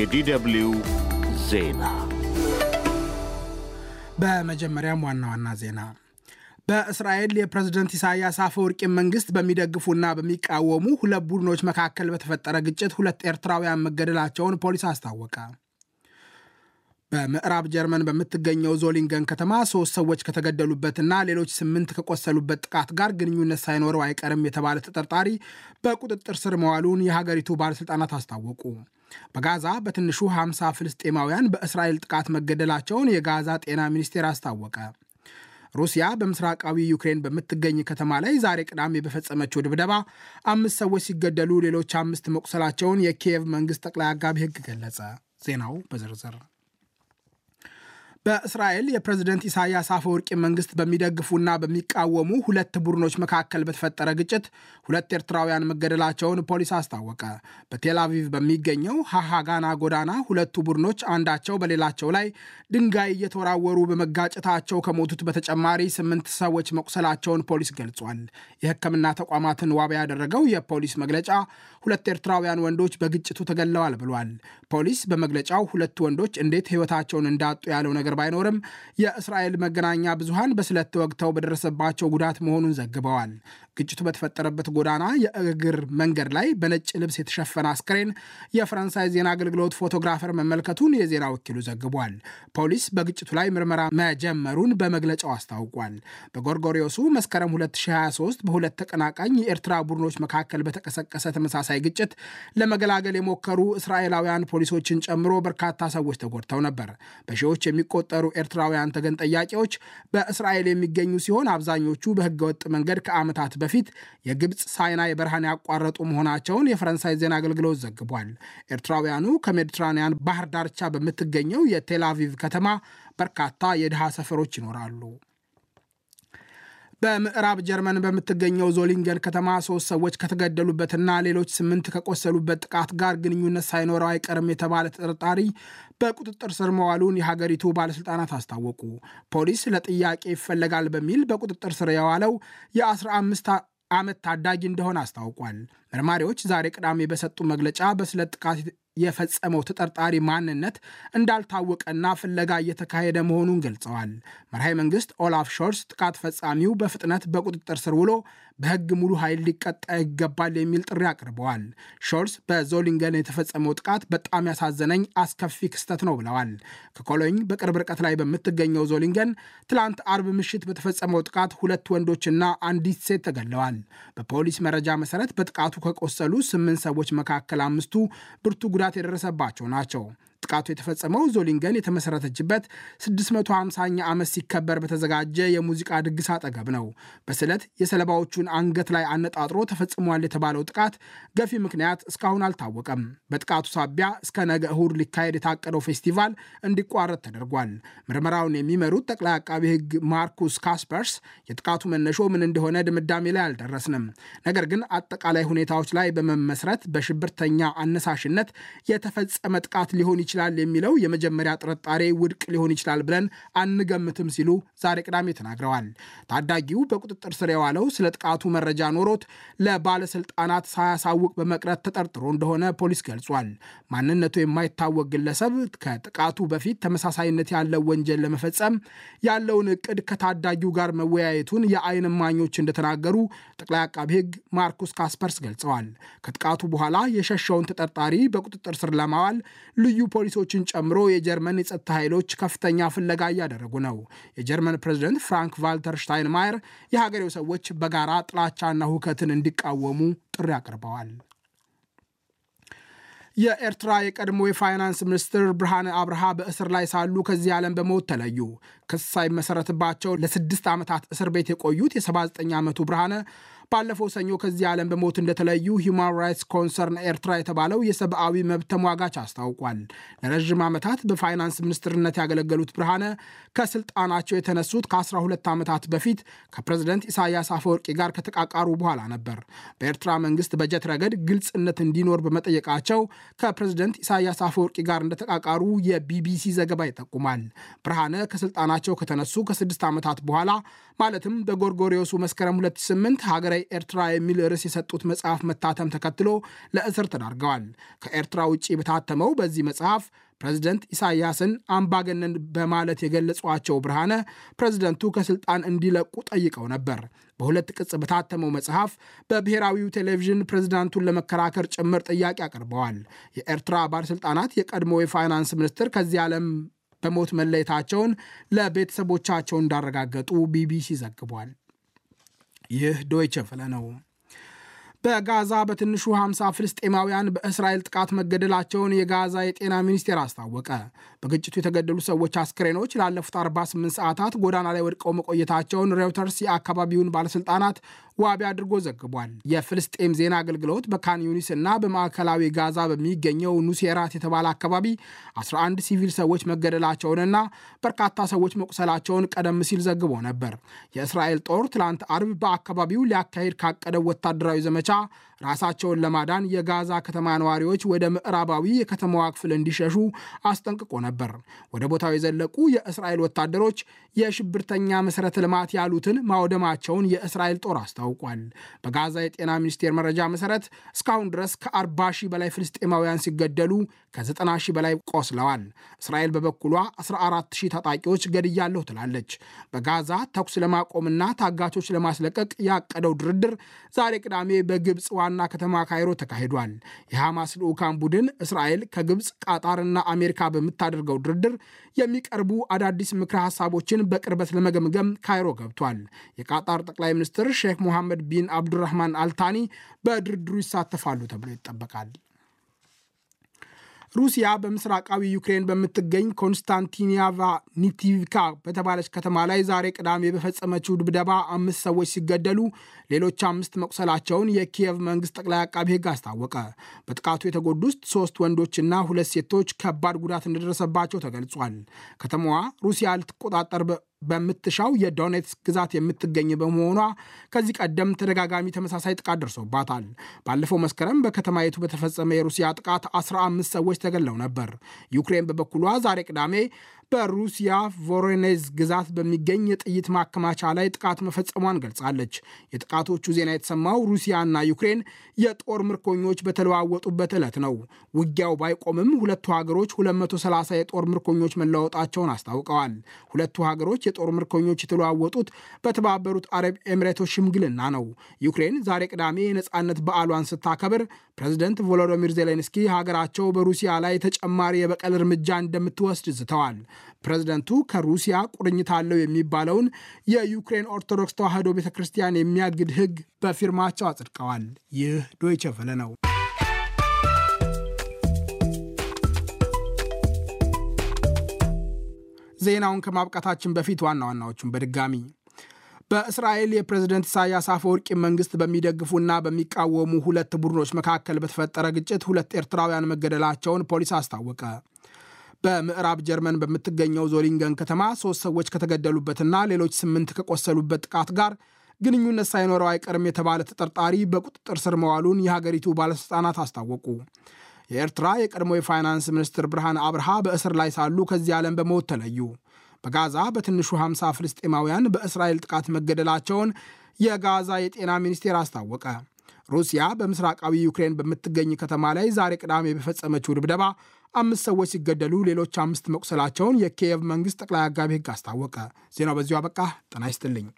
የዲደብልዩ ዜና በመጀመሪያም ዋና ዋና ዜና በእስራኤል የፕሬዝደንት ኢሳያስ አፈወርቂ መንግስት በሚደግፉና በሚቃወሙ ሁለት ቡድኖች መካከል በተፈጠረ ግጭት ሁለት ኤርትራውያን መገደላቸውን ፖሊስ አስታወቀ። በምዕራብ ጀርመን በምትገኘው ዞሊንገን ከተማ ሶስት ሰዎች ከተገደሉበትና ሌሎች ስምንት ከቆሰሉበት ጥቃት ጋር ግንኙነት ሳይኖረው አይቀርም የተባለ ተጠርጣሪ በቁጥጥር ስር መዋሉን የሀገሪቱ ባለሥልጣናት አስታወቁ። በጋዛ በትንሹ 50 ፍልስጤማውያን በእስራኤል ጥቃት መገደላቸውን የጋዛ ጤና ሚኒስቴር አስታወቀ። ሩሲያ በምስራቃዊ ዩክሬን በምትገኝ ከተማ ላይ ዛሬ ቅዳሜ በፈጸመችው ድብደባ አምስት ሰዎች ሲገደሉ ሌሎች አምስት መቁሰላቸውን የኪየቭ መንግሥት ጠቅላይ አጋቢ ሕግ ገለጸ። ዜናው በዝርዝር በእስራኤል የፕሬዝደንት ኢሳያስ አፈወርቂ መንግስት በሚደግፉና በሚቃወሙ ሁለት ቡድኖች መካከል በተፈጠረ ግጭት ሁለት ኤርትራውያን መገደላቸውን ፖሊስ አስታወቀ። በቴል አቪቭ በሚገኘው ሃሃጋና ጎዳና ሁለቱ ቡድኖች አንዳቸው በሌላቸው ላይ ድንጋይ እየተወራወሩ በመጋጨታቸው ከሞቱት በተጨማሪ ስምንት ሰዎች መቁሰላቸውን ፖሊስ ገልጿል። የሕክምና ተቋማትን ዋቢ ያደረገው የፖሊስ መግለጫ ሁለት ኤርትራውያን ወንዶች በግጭቱ ተገለዋል ብሏል። ፖሊስ በመግለጫው ሁለቱ ወንዶች እንዴት ሕይወታቸውን እንዳጡ ያለው ነገር ነገር ባይኖርም የእስራኤል መገናኛ ብዙሃን በስለት ተወግተው በደረሰባቸው ጉዳት መሆኑን ዘግበዋል። ግጭቱ በተፈጠረበት ጎዳና የእግር መንገድ ላይ በነጭ ልብስ የተሸፈነ አስክሬን የፈረንሳይ ዜና አገልግሎት ፎቶግራፈር መመልከቱን የዜና ወኪሉ ዘግቧል። ፖሊስ በግጭቱ ላይ ምርመራ መጀመሩን በመግለጫው አስታውቋል። በጎርጎሪዮሱ መስከረም 2023 በሁለት ተቀናቃኝ የኤርትራ ቡድኖች መካከል በተቀሰቀሰ ተመሳሳይ ግጭት ለመገላገል የሞከሩ እስራኤላውያን ፖሊሶችን ጨምሮ በርካታ ሰዎች ተጎድተው ነበር። በሺዎች የሚቆ የሚቆጠሩ ኤርትራውያን ተገን ጠያቂዎች በእስራኤል የሚገኙ ሲሆን አብዛኞቹ በህገወጥ መንገድ ከዓመታት በፊት የግብፅ ሳይናይ በረሃን ያቋረጡ መሆናቸውን የፈረንሳይ ዜና አገልግሎት ዘግቧል። ኤርትራውያኑ ከሜዲትራንያን ባህር ዳርቻ በምትገኘው የቴላቪቭ ከተማ በርካታ የድሃ ሰፈሮች ይኖራሉ። በምዕራብ ጀርመን በምትገኘው ዞሊንገን ከተማ ሶስት ሰዎች ከተገደሉበትና ሌሎች ስምንት ከቆሰሉበት ጥቃት ጋር ግንኙነት ሳይኖረው አይቀርም የተባለ ተጠርጣሪ በቁጥጥር ስር መዋሉን የሀገሪቱ ባለስልጣናት አስታወቁ። ፖሊስ ለጥያቄ ይፈለጋል በሚል በቁጥጥር ስር የዋለው የ15 ዓመት ታዳጊ እንደሆነ አስታውቋል። መርማሪዎች ዛሬ ቅዳሜ በሰጡ መግለጫ በስለት ጥቃት የፈጸመው ተጠርጣሪ ማንነት እንዳልታወቀና ፍለጋ እየተካሄደ መሆኑን ገልጸዋል። መርሃ መንግስት ኦላፍ ሾርስ ጥቃት ፈጻሚው በፍጥነት በቁጥጥር ስር ውሎ በህግ ሙሉ ኃይል ሊቀጣ ይገባል የሚል ጥሪ አቅርበዋል። ሾልስ በዞሊንገን የተፈጸመው ጥቃት በጣም ያሳዘነኝ አስከፊ ክስተት ነው ብለዋል። ከኮሎኝ በቅርብ ርቀት ላይ በምትገኘው ዞሊንገን ትላንት አርብ ምሽት በተፈጸመው ጥቃት ሁለት ወንዶችና አንዲት ሴት ተገለዋል። በፖሊስ መረጃ መሰረት በጥቃቱ ከቆሰሉ ስምንት ሰዎች መካከል አምስቱ ብርቱ ጉዳት የደረሰባቸው ናቸው። ጥቃቱ የተፈጸመው ዞሊንገን የተመሰረተችበት 650ኛ ዓመት ሲከበር በተዘጋጀ የሙዚቃ ድግስ አጠገብ ነው። በስለት የሰለባዎቹን አንገት ላይ አነጣጥሮ ተፈጽሟል የተባለው ጥቃት ገፊ ምክንያት እስካሁን አልታወቀም። በጥቃቱ ሳቢያ እስከ ነገ እሁድ ሊካሄድ የታቀደው ፌስቲቫል እንዲቋረጥ ተደርጓል። ምርመራውን የሚመሩት ጠቅላይ አቃቢ ሕግ ማርኩስ ካስፐርስ የጥቃቱ መነሾ ምን እንደሆነ ድምዳሜ ላይ አልደረስንም፣ ነገር ግን አጠቃላይ ሁኔታዎች ላይ በመመስረት በሽብርተኛ አነሳሽነት የተፈጸመ ጥቃት ሊሆን ይችላል ይችላል የሚለው የመጀመሪያ ጥርጣሬ ውድቅ ሊሆን ይችላል ብለን አንገምትም ሲሉ ዛሬ ቅዳሜ ተናግረዋል። ታዳጊው በቁጥጥር ስር የዋለው ስለ ጥቃቱ መረጃ ኖሮት ለባለስልጣናት ሳያሳውቅ በመቅረት ተጠርጥሮ እንደሆነ ፖሊስ ገልጿል። ማንነቱ የማይታወቅ ግለሰብ ከጥቃቱ በፊት ተመሳሳይነት ያለው ወንጀል ለመፈጸም ያለውን እቅድ ከታዳጊው ጋር መወያየቱን የአይን እማኞች እንደተናገሩ ጠቅላይ አቃቢ ሕግ ማርኩስ ካስፐርስ ገልጸዋል። ከጥቃቱ በኋላ የሸሸውን ተጠርጣሪ በቁጥጥር ስር ለማዋል ልዩ ፖሊሶችን ጨምሮ የጀርመን የጸጥታ ኃይሎች ከፍተኛ ፍለጋ እያደረጉ ነው። የጀርመን ፕሬዝደንት ፍራንክ ቫልተር ሽታይንማየር የሀገሬው ሰዎች በጋራ ጥላቻና ሁከትን እንዲቃወሙ ጥሪ አቅርበዋል። የኤርትራ የቀድሞ የፋይናንስ ሚኒስትር ብርሃነ አብርሃ በእስር ላይ ሳሉ ከዚህ ዓለም በሞት ተለዩ። ክስ ሳይመሰረትባቸው ለስድስት ዓመታት እስር ቤት የቆዩት የ79 ዓመቱ ብርሃነ ባለፈው ሰኞ ከዚህ ዓለም በሞት እንደተለዩ ሂውማን ራይትስ ኮንሰርን ኤርትራ የተባለው የሰብአዊ መብት ተሟጋች አስታውቋል። ለረዥም ዓመታት በፋይናንስ ሚኒስትርነት ያገለገሉት ብርሃነ ከስልጣናቸው የተነሱት ከ12 ዓመታት በፊት ከፕሬዝደንት ኢሳያስ አፈወርቂ ጋር ከተቃቃሩ በኋላ ነበር። በኤርትራ መንግስት በጀት ረገድ ግልጽነት እንዲኖር በመጠየቃቸው ከፕሬዝደንት ኢሳያስ አፈወርቂ ጋር እንደተቃቃሩ የቢቢሲ ዘገባ ይጠቁማል። ብርሃነ ከስልጣናቸው ከተነሱ ከስድስት ዓመታት በኋላ ማለትም በጎርጎሪዮሱ መስከረም 2008 ሀገራዊ ኤርትራ የሚል ርዕስ የሰጡት መጽሐፍ መታተም ተከትሎ ለእስር ተዳርገዋል። ከኤርትራ ውጭ በታተመው በዚህ መጽሐፍ ፕሬዝደንት ኢሳያስን አምባገነን በማለት የገለጿቸው ብርሃነ ፕሬዝደንቱ ከስልጣን እንዲለቁ ጠይቀው ነበር። በሁለት ቅጽ በታተመው መጽሐፍ በብሔራዊው ቴሌቪዥን ፕሬዚዳንቱን ለመከራከር ጭምር ጥያቄ አቅርበዋል። የኤርትራ ባለሥልጣናት የቀድሞ የፋይናንስ ሚኒስትር ከዚህ ዓለም በሞት መለየታቸውን ለቤተሰቦቻቸው እንዳረጋገጡ ቢቢሲ ዘግቧል። ይህ ዶይቸ ቨለ ነው። በጋዛ በትንሹ 50 ፍልስጤማውያን በእስራኤል ጥቃት መገደላቸውን የጋዛ የጤና ሚኒስቴር አስታወቀ። በግጭቱ የተገደሉ ሰዎች አስክሬኖች ላለፉት 48 ሰዓታት ጎዳና ላይ ወድቀው መቆየታቸውን ሬውተርስ የአካባቢውን ባለስልጣናት ዋቢ አድርጎ ዘግቧል። የፍልስጤም ዜና አገልግሎት በካን ዩኒስ እና በማዕከላዊ ጋዛ በሚገኘው ኑሴራት የተባለ አካባቢ 11 ሲቪል ሰዎች መገደላቸውንና በርካታ ሰዎች መቁሰላቸውን ቀደም ሲል ዘግቦ ነበር። የእስራኤል ጦር ትላንት አርብ በአካባቢው ሊያካሄድ ካቀደው ወታደራዊ ዘመቻ ራሳቸውን ለማዳን የጋዛ ከተማ ነዋሪዎች ወደ ምዕራባዊ የከተማዋ ክፍል እንዲሸሹ አስጠንቅቆ ነበር። ነበር። ወደ ቦታው የዘለቁ የእስራኤል ወታደሮች የሽብርተኛ መሠረተ ልማት ያሉትን ማውደማቸውን የእስራኤል ጦር አስታውቋል። በጋዛ የጤና ሚኒስቴር መረጃ መሠረት እስካሁን ድረስ ከ40 ሺህ በላይ ፍልስጤማውያን ሲገደሉ ከ90 ሺህ በላይ ቆስለዋል። እስራኤል በበኩሏ 14 ሺህ ታጣቂዎች ገድያለሁ ትላለች። በጋዛ ተኩስ ለማቆምና ታጋቾች ለማስለቀቅ ያቀደው ድርድር ዛሬ ቅዳሜ በግብፅ ዋና ከተማ ካይሮ ተካሂዷል። የሐማስ ልዑካን ቡድን እስራኤል ከግብፅ ቃጣርና አሜሪካ በምታደርገው ለሚያደርገው ድርድር የሚቀርቡ አዳዲስ ምክረ ሀሳቦችን በቅርበት ለመገምገም ካይሮ ገብቷል። የቃጣር ጠቅላይ ሚኒስትር ሼክ ሞሐመድ ቢን አብዱራህማን አልታኒ በድርድሩ ይሳተፋሉ ተብሎ ይጠበቃል። ሩሲያ በምስራቃዊ ዩክሬን በምትገኝ ኮንስታንቲኒያቫ ኒቲቭካ በተባለች ከተማ ላይ ዛሬ ቅዳሜ በፈጸመችው ድብደባ አምስት ሰዎች ሲገደሉ ሌሎች አምስት መቁሰላቸውን የኪየቭ መንግስት ጠቅላይ አቃቢ ሕግ አስታወቀ። በጥቃቱ የተጎዱ ውስጥ ሶስት ወንዶችና ሁለት ሴቶች ከባድ ጉዳት እንደደረሰባቸው ተገልጿል። ከተማዋ ሩሲያ ልትቆጣጠር በምትሻው የዶኔትስክ ግዛት የምትገኝ በመሆኗ ከዚህ ቀደም ተደጋጋሚ ተመሳሳይ ጥቃት ደርሶባታል። ባለፈው መስከረም በከተማይቱ በተፈጸመ የሩሲያ ጥቃት 15 ሰዎች ተገለው ነበር። ዩክሬን በበኩሏ ዛሬ ቅዳሜ በሩሲያ ቮሮኔዝ ግዛት በሚገኝ የጥይት ማከማቻ ላይ ጥቃት መፈጸሟን ገልጻለች። የጥቃቶቹ ዜና የተሰማው ሩሲያና ዩክሬን የጦር ምርኮኞች በተለዋወጡበት ዕለት ነው። ውጊያው ባይቆምም ሁለቱ ሀገሮች 230 የጦር ምርኮኞች መለዋወጣቸውን አስታውቀዋል። ሁለቱ ሀገሮች የጦር ምርኮኞች የተለዋወጡት በተባበሩት አረብ ኤምሬቶች ሽምግልና ነው። ዩክሬን ዛሬ ቅዳሜ የነፃነት በዓሏን ስታከብር ፕሬዝደንት ቮሎዶሚር ዜሌንስኪ ሀገራቸው በሩሲያ ላይ ተጨማሪ የበቀል እርምጃ እንደምትወስድ ዝተዋል። ፕሬዝደንቱ ከሩሲያ ቁርኝት አለው የሚባለውን የዩክሬን ኦርቶዶክስ ተዋሕዶ ቤተ ክርስቲያን የሚያግድ ሕግ በፊርማቸው አጽድቀዋል። ይህ ዶይቸ ቨለ ነው። ዜናውን ከማብቃታችን በፊት ዋና ዋናዎቹን በድጋሚ በእስራኤል የፕሬዝደንት ኢሳያስ አፈወርቂ መንግስት በሚደግፉና በሚቃወሙ ሁለት ቡድኖች መካከል በተፈጠረ ግጭት ሁለት ኤርትራውያን መገደላቸውን ፖሊስ አስታወቀ። በምዕራብ ጀርመን በምትገኘው ዞሊንገን ከተማ ሶስት ሰዎች ከተገደሉበትና ሌሎች ስምንት ከቆሰሉበት ጥቃት ጋር ግንኙነት ሳይኖረው አይቀርም የተባለ ተጠርጣሪ በቁጥጥር ስር መዋሉን የሀገሪቱ ባለሥልጣናት አስታወቁ። የኤርትራ የቀድሞ የፋይናንስ ሚኒስትር ብርሃን አብርሃ በእስር ላይ ሳሉ ከዚህ ዓለም በሞት ተለዩ። በጋዛ በትንሹ 50 ፍልስጤማውያን በእስራኤል ጥቃት መገደላቸውን የጋዛ የጤና ሚኒስቴር አስታወቀ። ሩሲያ በምስራቃዊ ዩክሬን በምትገኝ ከተማ ላይ ዛሬ ቅዳሜ በፈጸመችው ድብደባ አምስት ሰዎች ሲገደሉ ሌሎች አምስት መቁሰላቸውን የኪየቭ መንግስት ጠቅላይ አጋቢ ሕግ አስታወቀ። ዜናው በዚሁ አበቃ። ጤና ይስጥልኝ።